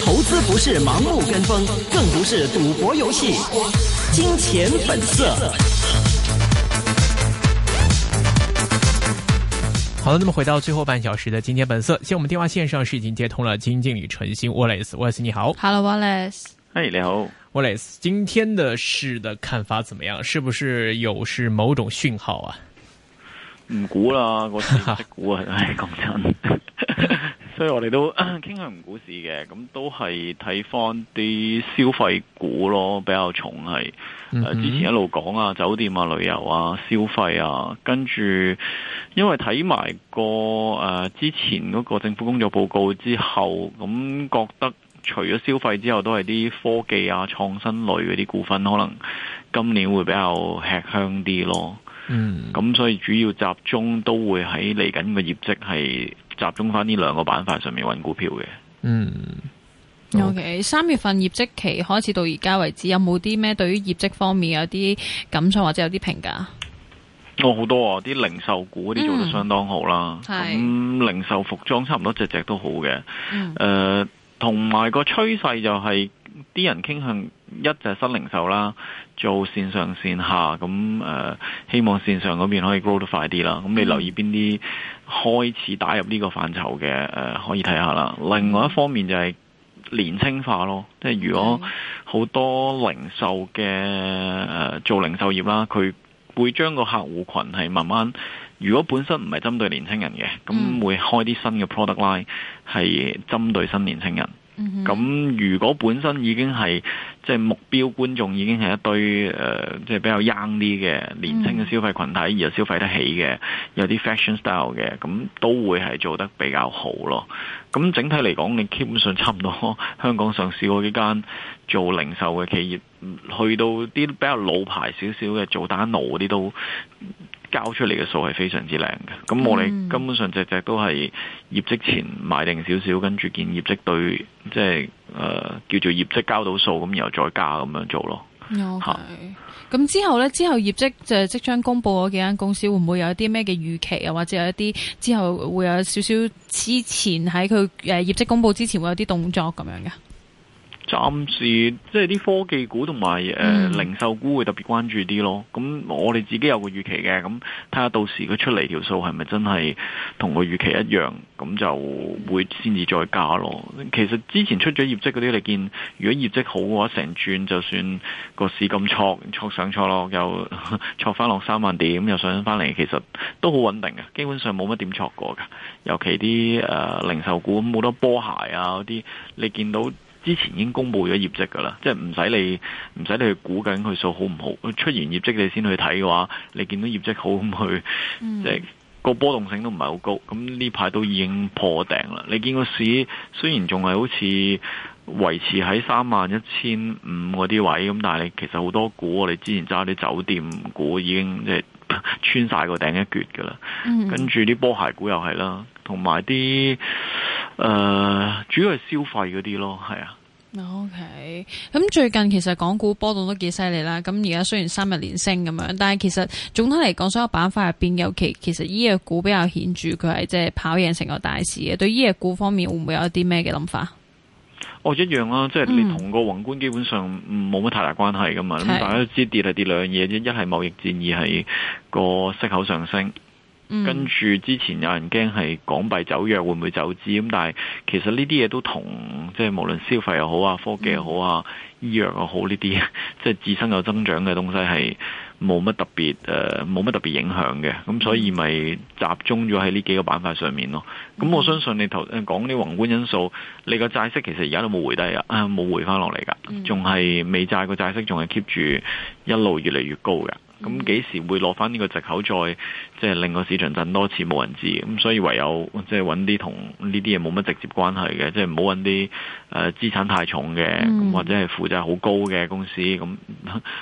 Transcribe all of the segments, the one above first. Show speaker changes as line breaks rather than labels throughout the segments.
投資不是盲目跟風，更不是賭博遊戲。金錢本色。好了，那麼回到最後半小時的金錢本色，現在我們電話線上是已經接通了基金經理陳昕 Wallace，Wallace 你好，Hello
Wallace，
嗨你好，Wallace，今天的事的看法怎麼樣？是不是有是某種訊號啊？唔估啦，個市唔估啊，唉，係、哎、講真。 所以我哋都傾向唔估市嘅，咁都係睇翻啲消費股咯，比較重係、
呃，之前一
路講啊，酒店啊、旅遊啊、消費啊，跟住因為睇埋個誒、呃、之前嗰個政府工作報告之後，咁覺得除咗消費之後，都係啲科技啊、創新類嗰啲股份，可能今年會比較吃香啲咯。嗯，咁所以主要集中都會喺嚟緊嘅業績係集中翻呢兩個板塊上面揾股票嘅。
嗯，OK，, okay. 三月份業績期開始到而家為止，有冇啲咩對於業績方面有啲感想或者有啲評價？
我好、哦、多啊、哦，啲零售股啲做得相當好啦。咁、嗯嗯、零售服裝差唔多隻只都好嘅。誒、嗯，同埋、呃、個趨勢就係、是、啲人傾向。一就係新零售啦，做線上線下咁誒、呃，希望線上嗰邊可以 grow 得快啲啦。咁你留意邊啲開始打入呢個範疇嘅誒、呃，可以睇下啦。另外一方面就係年輕化咯，即係如果好多零售嘅誒、呃、做零售業啦，佢會將個客戶群係慢慢，如果本身唔係針對年輕人嘅，咁會開啲新嘅 product line 係針對新年輕人。咁、嗯、哼，如果本身已經係即係目標觀眾已經係一堆誒、呃，即係比較 young 啲嘅年輕嘅消費群體，而又消費得起嘅，有啲 fashion style 嘅，咁都會係做得比較好咯。咁、嗯、整體嚟講，你基本上差唔多香港上市嗰幾間做零售嘅企業，去到啲比較老牌少少嘅做單奴嗰啲都。交出嚟嘅數係非常之靚嘅，咁我哋根本上隻隻都係業績前買定少少，跟住見業績對，即係誒、呃、叫做業績交到數，咁然後再加咁樣做咯。
咁
Okay.、
啊、之後呢？之後業績就即將公布嗰幾間公司，會唔會有一啲咩嘅預期啊？或者有一啲之後會有少少之前喺佢誒業績公布之前會有啲動作咁樣嘅？嗯
暫時即係啲科技股同埋誒零售股會特別關注啲咯。咁我哋自己有個預期嘅，咁睇下到時佢出嚟條數係咪真係同個預期一樣，咁就會先至再加咯。其實之前出咗業績嗰啲，你見如果業績好嘅話，成轉就算個市咁挫挫上挫落，又挫翻落三萬點又上翻嚟，其實都好穩定嘅，基本上冇乜點挫過㗎。尤其啲誒、呃、零售股冇得波鞋啊嗰啲，你見到。之前已經公布咗業績噶啦，即係唔使你唔使你去估緊佢數好唔好，出完業績你先去睇嘅話，你見到業績好咁去，即係、嗯、個波動性都唔係好高。咁呢排都已經破頂啦。你見個市雖然仲係好似維持喺三萬一千五嗰啲位，咁但係你其實好多股我哋之前揸啲酒店股已經即係 穿晒個頂一橛嘅啦。跟住啲波鞋股又係啦，同埋啲。誒，uh, 主要係消費嗰啲咯，係
啊。OK，咁、嗯、最近其實港股波動都幾犀利啦。咁而家雖然三日連升咁樣，但係其實總體嚟講，所有板塊入邊，尤其其實醫藥股比較顯著，佢係即係跑贏成個大市嘅。對醫藥股方面，會唔會有一啲咩嘅諗法？
哦，一樣啦、啊，嗯、即係你同個宏觀基本上冇乜太大關係噶嘛。咁是大家都知跌係跌兩嘢啫，一係貿易戰，二係個息口上升。跟住之前有人驚係港幣走弱會唔會走資咁，但係其實呢啲嘢都同即係無論消費又好啊、科技又好啊、醫藥又好呢啲，即係自身有增長嘅東西係冇乜特別誒，冇、呃、乜特別影響嘅。咁所以咪集中咗喺呢幾個板塊上面咯。咁我相信你頭先講啲宏觀因素，你個債息其實而家都冇回低噶，啊冇回翻落嚟噶，仲係美債個債息仲係 keep 住一路越嚟越高嘅。咁幾、嗯、時會落翻呢個藉口再即係令個市場震多次冇人知嘅，咁所以唯有即係揾啲同呢啲嘢冇乜直接關係嘅，即係唔好揾啲誒資產太重嘅、嗯，或者係負債好高嘅公司，咁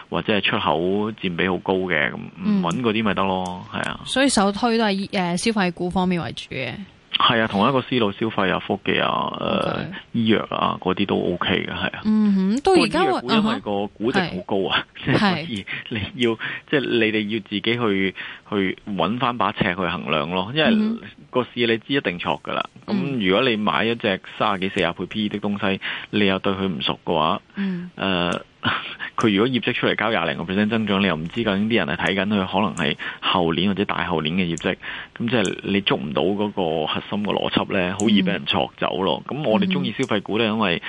或者係出口佔比好高嘅，咁揾嗰啲咪得咯，係、嗯、
啊。所以首推都係誒消費股方面為主嘅。
係啊，同一個思路，消費啊、科技啊、誒、呃、Okay. 醫藥啊，嗰啲都 OK 嘅，係啊。嗯哼，
都而家因為個
估值好高啊，所以你要即係、就是、你哋要自己去去揾翻把尺去衡量咯，嗯、哼因為個市你知一定錯噶啦。咁、嗯哼嗯、如果你買一隻卅幾四十倍 P/E 的東西，你又對佢唔熟嘅話，誒、嗯。嗯佢 如果業績出嚟交廿零個 percent 增長，你又唔知究竟啲人係睇緊佢可能係後年或者大後年嘅業績，咁即係你捉唔到嗰個核心嘅邏輯呢，好易俾人錯走咯。咁、嗯、我哋中意消費股呢，因為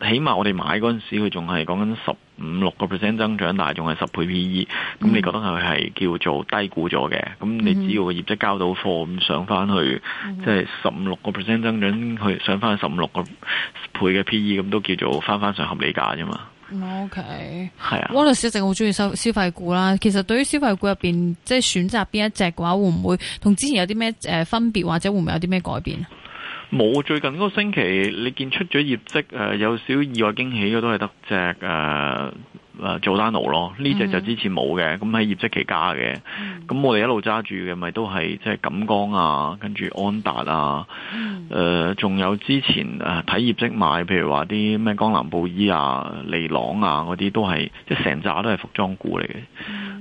起碼我哋買嗰陣時佢仲係講緊十五六個 percent 增長，但係仲係十倍 P E。咁你覺得佢係叫做低估咗嘅？咁你只要個業績交到貨，咁上翻去15，即係十五六個 percent 增長，上去上翻十五六個倍嘅 P E，咁都叫做翻翻上合理價啫嘛。O K，係啊
，Wallace 一直好中意收消費股啦。其實對於消費股入邊，即係選擇邊一隻嘅話，會唔會同之前有啲咩誒分別，或者會唔會有啲咩改變？
冇，最近嗰個星期你見出咗業績誒、呃，有少少意外驚喜嘅都係得隻誒。呃誒做單號咯，呢隻就之前冇嘅，咁喺業績期加嘅，咁、mm. 我哋一路揸住嘅咪都係即係錦江啊，跟住安達啊，誒仲、mm. 呃、有之前誒睇、啊、業績買，譬如話啲咩江南布衣啊、利郎啊嗰啲都係即係成扎都係服裝股嚟嘅，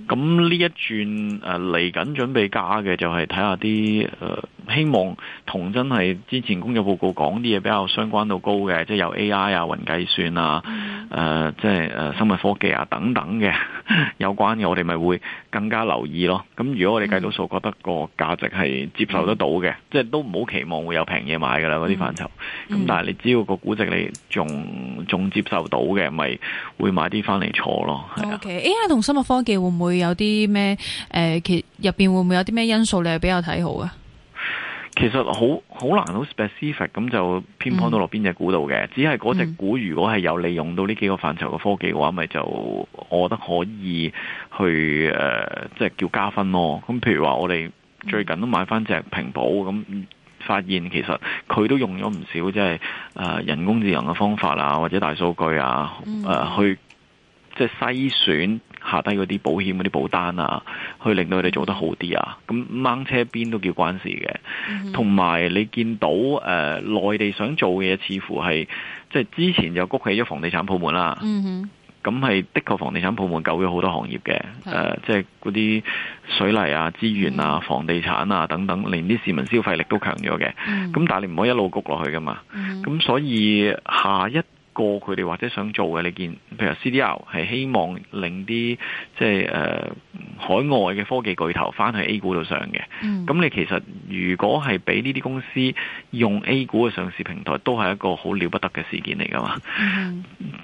咁呢、mm. 一轉誒嚟緊準備加嘅就係睇下啲誒。呃希望同真係之前工作報告講啲嘢比較相關度高嘅，即係由 A.I. 啊、雲計算啊、誒、嗯呃，即係誒、呃、生物科技啊等等嘅 有關嘅，我哋咪會更加留意咯。咁如果我哋計到數，嗯、覺得個價值係接受得到嘅，嗯、即係都唔好期望會有平嘢買噶啦。嗰啲範疇咁，但係你只要個估值你仲仲接受到嘅，咪會買啲翻嚟坐咯。
係。O.K. A.I. 同生物科技會唔會有啲咩誒？其入邊會唔會有啲咩因素你係比較睇好啊？
其實好好難好 specific 咁就偏頗到落邊、嗯、隻股度嘅，只係嗰隻股如果係有利用到呢幾個範疇嘅科技嘅話，咪、嗯、就我覺得可以去誒，即、呃、係、就是、叫加分咯。咁譬如話我哋最近都買翻隻平保，咁發現其實佢都用咗唔少即係誒人工智能嘅方法啊，或者大數據啊，誒、呃嗯、去即係篩選。下低嗰啲保險嗰啲保單啊，去令到佢哋做得好啲啊，咁掹車邊都叫關事嘅。同埋、mm hmm. 你見到誒、呃、內地想做嘅嘢，似乎係即係之前就谷起咗房地產部門啦。咁係、mm hmm. 的確房地產部門救咗好多行業嘅。誒、mm，即係嗰啲水泥啊、資源啊、mm hmm. 房地產啊等等，連啲市民消費力都強咗嘅。咁、mm hmm. 但係你唔可以一路谷落去噶嘛。咁所以下一。過佢哋或者想做嘅，你見，譬如 C D R 係希望令啲即係誒、呃、海外嘅科技巨頭翻去 A 股度上嘅。咁、嗯、你其實如果係俾呢啲公司用 A 股嘅上市平台，都係一個好了不得嘅事件嚟噶嘛？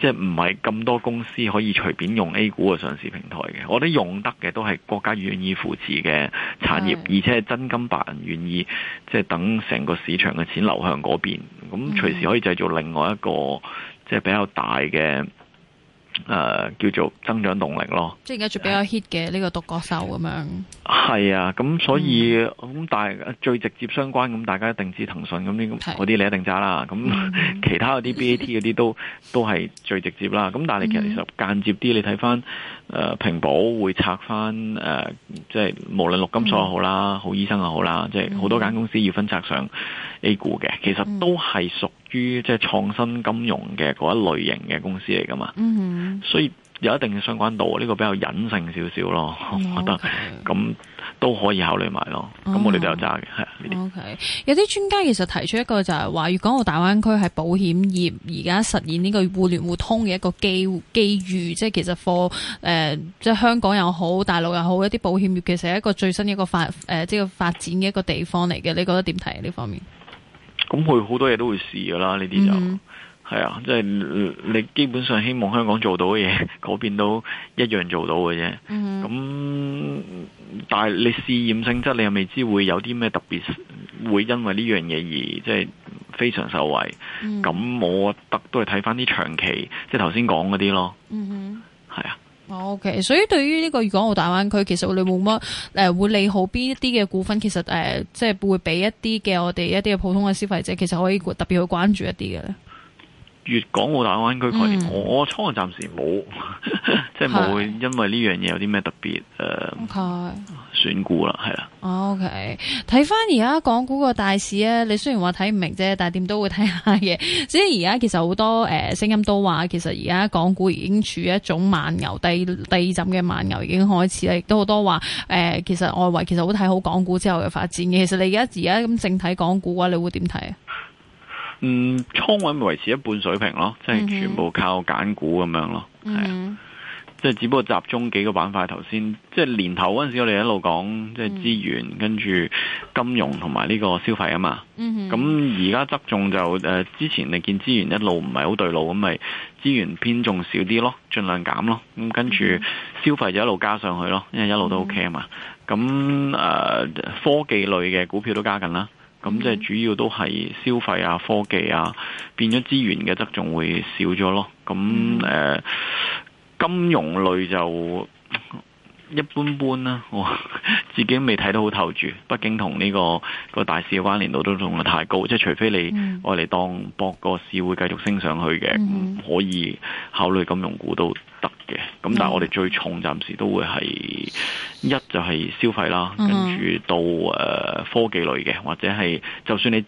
即係唔係咁多公司可以隨便用 A 股嘅上市平台嘅。我覺得用得嘅都係國家願意扶持嘅產業，是而且係真金白銀願意即係、就是、等成個市場嘅錢流向嗰邊，咁隨時可以製造另外一個。即係比較大嘅，誒、呃、叫做增長動力咯。
即係而家最比較 hit 嘅呢個獨角獸咁樣。
係啊，咁所以咁但係最直接相關咁，大家一定知騰訊咁呢，我啲你一定揸啦。咁、嗯、其他嗰啲 BAT 嗰啲都 都係最直接啦。咁但係其實間接啲，嗯、你睇翻誒平保會拆翻誒、呃，即係無論陸金所又好啦，嗯、好醫生又好啦，即係好多間公司要分拆上 A 股嘅，其實都係屬嗯於即係創新金融嘅嗰一類型嘅公司嚟噶嘛，mm hmm. 所以有一定嘅相關度，呢、這個比較隱性少少咯，我覺得咁都可以考慮埋咯。咁、mm hmm. 我哋都有揸嘅，係啊 Okay.、嗯。O、okay. K，
有啲專家其實提出一個就係、是、話，粵港澳大灣區係保險業而家實現呢個互聯互通嘅一個機機遇，即係其實貨誒、呃，即係香港又好，大陸又好，一啲保險業其實係一個最新一個發誒、呃，即係發展嘅一個地方嚟嘅。你覺得點睇呢方面？
咁佢好多嘢都會試噶啦，呢啲、mm hmm. 就係啊，即係你基本上希望香港做到嘅嘢，嗰 邊都一樣做到嘅啫。咁、mm hmm. 但係你試驗性質，你又未知會有啲咩特別，會因為呢樣嘢而即係、就是、非常受惠。咁、mm hmm. 我覺得都係睇翻啲長期，即係頭先講嗰啲咯。Mm hmm.
o、okay. k 所以對於呢個粵港澳大灣區，其實我哋冇乜誒會利好邊一啲嘅股份，其實誒、呃、即係會俾一啲嘅我哋一啲嘅普通嘅消費者，其實可以特別去關注一啲嘅咧。
粵港澳大灣區概念我、嗯我，我初暫時冇， 即係冇因為呢樣嘢有啲咩特別誒。的選股啦，係
啦。OK，睇翻而家港股個大市咧，你雖然話睇唔明啫，但係點都會睇下嘅。即係而家其實好多誒聲、呃、音都話，其實而家港股已經處於一種慢牛，第二浸嘅慢牛已經開始啦。亦都好多話誒、呃，其實外圍其實好睇好港股之後嘅發展嘅。其實你而家而家咁整體睇港股嘅話，你會點睇啊？
嗯，倉位維持一半水平咯，即係全部靠揀股咁樣咯，係啊。即係只不過集中幾個板塊，頭先即係年頭嗰陣時我，我哋一路講即係資源，跟住金融同埋呢個消費啊嘛。咁而家側重就誒、呃，之前你見資源一路唔係好對路，咁咪資源偏重少啲咯，盡量減咯。咁跟住消費就一路加上去咯，因為一路都 OK 啊嘛。咁誒、呃，科技類嘅股票都加緊啦。咁即係主要都係消費啊、科技啊，變咗資源嘅側重會少咗咯。咁、嗯、誒。嗯金融類就一般般啦，我自己未睇得好透住。畢竟同呢個個大市嘅關聯度都仲係太高，即係除非你愛嚟當博個市會繼續升上去嘅，嗯、哼可以考慮金融股都得嘅。咁但係我哋最重暫時都會係一就係消費啦，跟住到誒科技類嘅或者係就算你。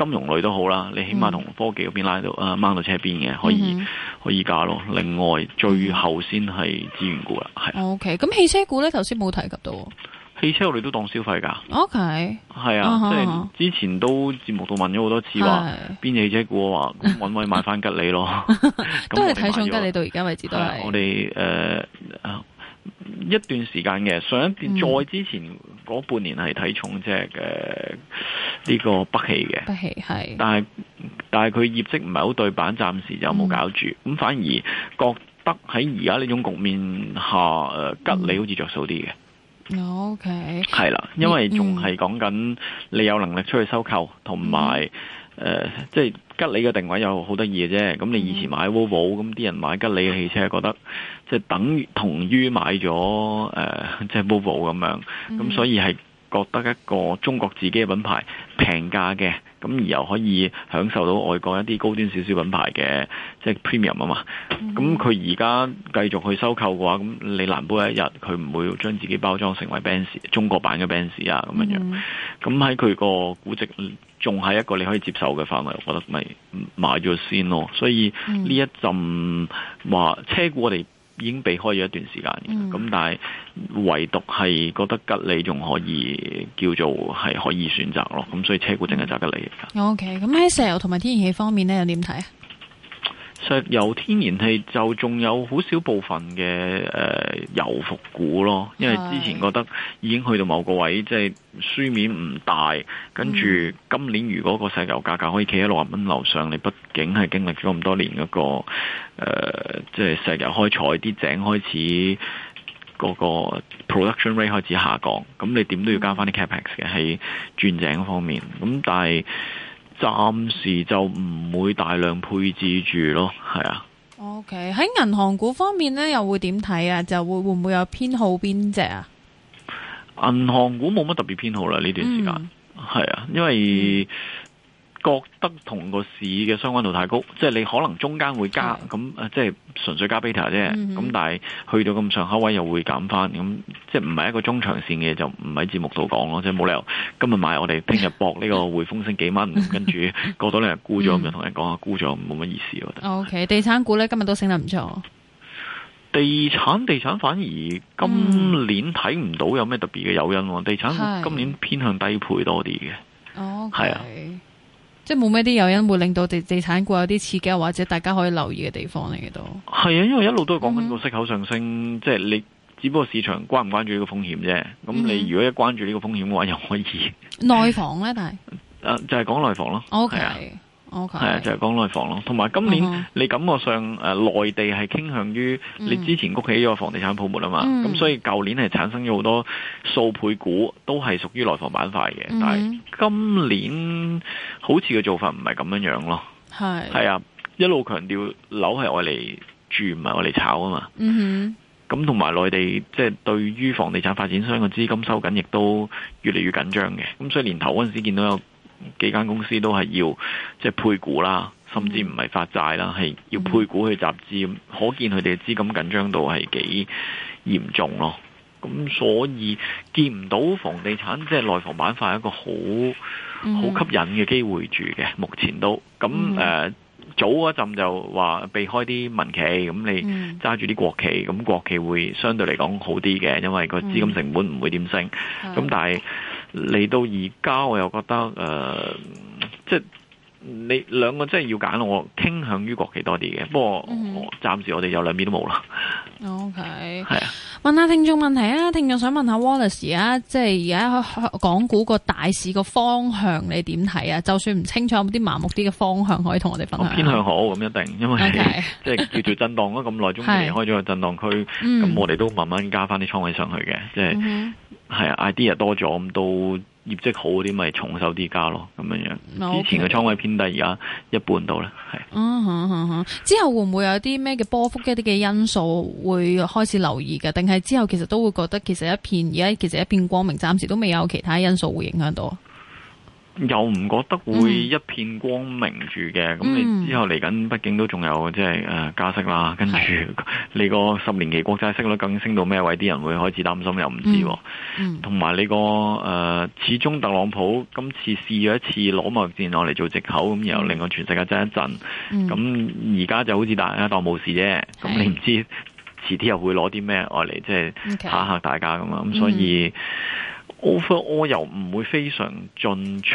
金融類都好啦，你起碼同科技嗰邊拉到啊掹、嗯呃、到車邊嘅，可以、嗯、哼可以加咯。另外，最後先係資源股啦，係。
O K，咁汽車股咧，頭先冇提及到。
汽車我哋都當消費噶。O K。係啊，即係之前都節目度問咗好多次話，邊隻的汽車股啊，咁搵位買翻吉利咯。 都係睇重吉利
到而家位置都係。我
哋誒、呃、一段時間嘅上一段，嗯、再之前。嗰半年係睇重即係誒呢個北汽嘅，北
汽係，但
係但係佢業績唔係好對版，暫時就冇搞住。咁、嗯、反而覺得喺而家呢種局面下，呃、吉利好似着數啲嘅。
O K，係啦，因為仲係
講緊你有能力出去收購，同埋、嗯。誒、呃，即係吉利嘅定位又好得意嘅啫。咁你以前買 Volvo，咁啲人買吉利嘅汽車，覺得即係等同於買咗誒、呃、即係 Volvo 咁樣，咁所以係。覺得一個中國自己嘅品牌平價嘅，咁而又可以享受到外國一啲高端少少品牌嘅即係 premium 啊、嗯、嘛。咁佢而家繼續去收購嘅話，咁、嗯、你難保一日佢唔會將自己包裝成為 Benz 中國版嘅 Benz 啊咁樣。咁喺佢個估值仲係一個你可以接受嘅範圍，我覺得咪買咗先咯。所以呢一陣話，車股我哋。已經避開咗一段時間，咁、嗯、但係唯獨係覺得吉利仲可以叫做係可以選擇咯，咁所以車股淨係揸吉利。
OK，咁喺石油同埋天然氣方面咧，又點睇啊？
石油天然氣就仲有好少部分嘅誒、呃、油服股咯，因為之前覺得已經去到某個位，即、就、係、是、書面唔大。跟住今年如果個石油價格可以企喺六十蚊樓上，你畢竟係經歷咗咁多年嗰、那個即係、呃就是、石油開採啲井開始嗰個 production rate 開始下降，咁你點都要加翻啲 capex 嘅喺轉井方面。咁但係。暫時就唔會大量配置住咯，係啊。
OK，喺銀行股方面呢，又會點睇啊？就會會唔會有偏好邊隻啊？
銀行股冇乜特別偏好啦，呢、嗯、段時間係啊，因為。嗯覺得同個市嘅相關度太高，即係你可能中間會加，咁是的 即係純粹加 beta 啫。咁但係去到咁上下位又會減翻，咁即係唔係一個中長線嘅，就唔喺節目度講咯，即係冇理由今日買我，我哋聽日搏呢個匯豐升幾蚊， 跟住過咗兩日沽咗，我咪同人講下沽咗，冇乜意思我覺得。
O、okay, K，地產股呢今日都升得唔錯。
地產地產反而今年睇唔、嗯、到有咩特別嘅誘因，地產今年偏向低配多啲嘅。哦的，係、
okay。即係冇咩啲誘因會令到地地產股有啲刺激，或者大家可以留意嘅地方嚟嘅都
係啊， 因為一路都係講緊個息口上升，mm hmm. 即係你只不過市場關唔關注呢個風險啫。咁你、mm hmm. 如果一關注呢個風險嘅話，又可以
內 房咧，但係
誒就係講內房咯。O Okay . K、啊。係 Okay.、啊，就係講內房咯，同埋今年、uh huh. 你感覺上誒內、呃、地係傾向於你之前谷起咗房地產泡沫啊嘛，咁、uh huh. 所以舊年係產生咗好多數倍股，都係屬於內房板塊嘅，uh huh. 但係今年好似嘅做法唔係咁樣樣咯。係係、uh huh. 啊，一路強調樓係用嚟住，唔係用嚟炒啊嘛。咁同埋內地即係、就是、對於房地產發展商嘅資金收緊，亦都越嚟越緊張嘅。咁所以年頭嗰陣時見到有。幾間公司都係要即係、即係、配股啦，甚至唔係發債啦，係、嗯、要配股去集資，嗯、可見佢哋資金緊張度係幾嚴重咯。咁所以見唔到房地產即係內房板塊一個好好、嗯、吸引嘅機會住嘅，目前都咁誒、呃嗯、早嗰陣就話避開啲民企，咁你揸住啲國企，咁國企會相對嚟講好啲嘅，因為個資金成本唔會點升，咁但係。嚟到而家，我又覺得誒、呃，即係你兩個真係要揀，我傾向於國企多啲嘅，不過、mm hmm. 暫時我哋有兩邊都冇啦。
OK，係啊，問下聽眾問題啊，聽眾想問下 Wallace，而家即係而家港股個大市個方向你點睇啊？就算唔清楚，有冇啲麻木啲嘅方向可以同我哋分享？我偏向
好咁一定，因為 Okay. 即係叫做震盪咯。咁耐 終於離開咗個震盪區，咁我哋都慢慢加翻啲倉位上去嘅，即、hmm. 係。係啊，idea 多咗咁，都業績好啲咪重手啲加咯，咁樣樣。之 Okay. 前嘅倉位偏低，而家一半到咧。係
，uh huh huh huh. 之後會唔會有啲咩嘅波幅一啲嘅因素會開始留意嘅？定係之後其實都會覺得其實一片而家其實一片光明，暫時都未有其他因素會影響到。
又唔覺得會一片光明住嘅，咁、嗯、你之後嚟緊，畢竟都仲有即係誒加息啦，嗯、跟住你個十年期國債息率更升到咩位，啲人會開始擔心又唔知嗯。嗯，同埋你個誒、呃，始終特朗普今次試咗一次攞貿易戰嚟做藉口，咁、嗯、然後令到全世界震一震。咁而家就好似大家當冇事啫，咁、嗯、你唔知遲啲又會攞啲咩嚟即係嚇嚇大家咁啊，咁所以。我方我又唔會非常進取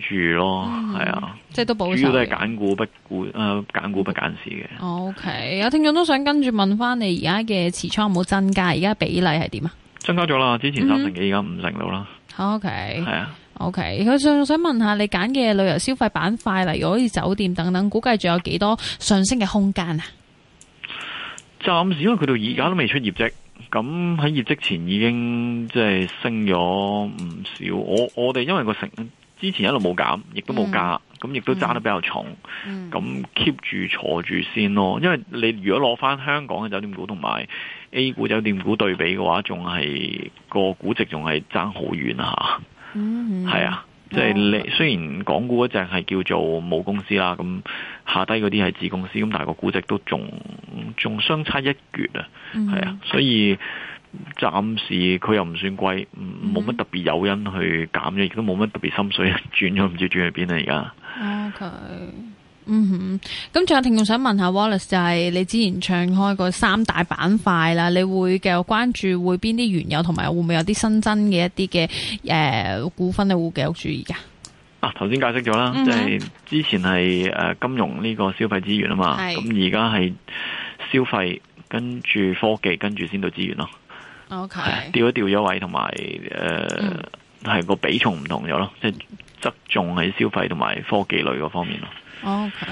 住咯，係、嗯、啊，
即係都保守，主要都係
揀股不股，誒、嗯，揀股不揀市嘅。
O K，有聽眾都想跟住問翻你，而家嘅持倉有冇增加？而家比例係點啊？
增加咗啦，之前三成幾，而家、嗯、五成度啦。
O K，係啊，O K，佢仲想問下你揀嘅旅遊消費板塊，例如好似酒店等等，估計仲有幾多上升嘅空間啊？
暫、嗯、時因為佢到而家都未出業績。嗯咁喺業績前已經即係升咗唔少，我我哋因為個成之前一路冇減，亦都冇加，咁亦都揸得比較重，咁、嗯、keep 住坐住先咯。因為你如果攞翻香港嘅酒店股同埋 A 股酒店股對比嘅話，仲係個估值仲係差好遠嚇，係啊。嗯嗯。即係你、哦、雖然港股嗰隻係叫做母公司啦，咁下低嗰啲係子公司，咁但係個估值,都仲仲相差一橛啊，係、嗯、哼啊，所以暫時佢又唔算貴，冇乜特別誘因去減咗，亦都冇乜特別心水，轉咗唔知轉去邊啦而
家。嗯哼，咁仲有聽眾想問下 Wallace，就係你之前唱開個三大板塊啦，你會繼續關注會邊啲原有，同埋會唔會有啲新增嘅一啲嘅誒股份你會繼續注意噶？
啊，頭先解釋咗啦，即係之前係誒金融呢個消費資源啊嘛，咁而家係消費跟住科技跟住先到資源咯。
O K，調
一調一位，同埋誒係個比重唔同咗咯，即係側重喺消費同埋科技類嗰方面咯。
OK，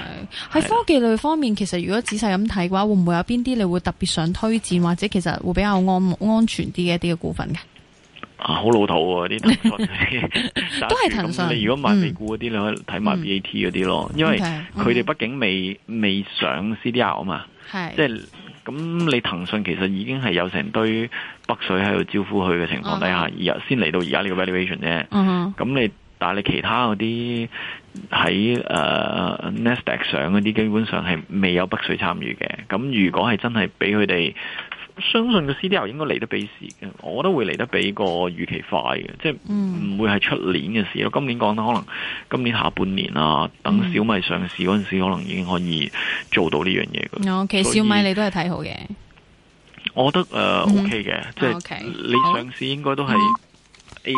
喺科技類方面，其實如果仔細咁睇嘅話，會唔會有邊啲你會特別想推薦，或者其實會比較安安全啲嘅一啲嘅股份嘅？
啊，好老土喎，啊！啲騰訊都係騰訊。嗯、你如果買美股嗰啲，嗯、你可以睇埋 BAT 嗰啲咯，因為佢哋畢竟未、嗯、未上 CDR 啊嘛。
係是。即係
咁，你騰訊其實已經係有成堆北水喺度招呼佢嘅情況底下，嗯 okay。而先嚟到而家呢個 valuation 啫。咁，嗯嗯、你？但係其他嗰啲喺誒納斯達克上嗰啲，基本上係未有北水參與嘅。咁如果係真係俾佢哋，相信個 CDR 應該嚟得比時嘅，我覺得會嚟得比個預期快嘅，即係唔會係出年嘅事咯。嗯、今年講得可能今年下半年啊，等小米上市嗰陣時，可能已經可以做到呢樣嘢嘅。哦、嗯，其
實以、okay, 小米你都係睇好嘅。
我覺得誒、uh, OK 嘅，即係你上市應該都係。嗯、A。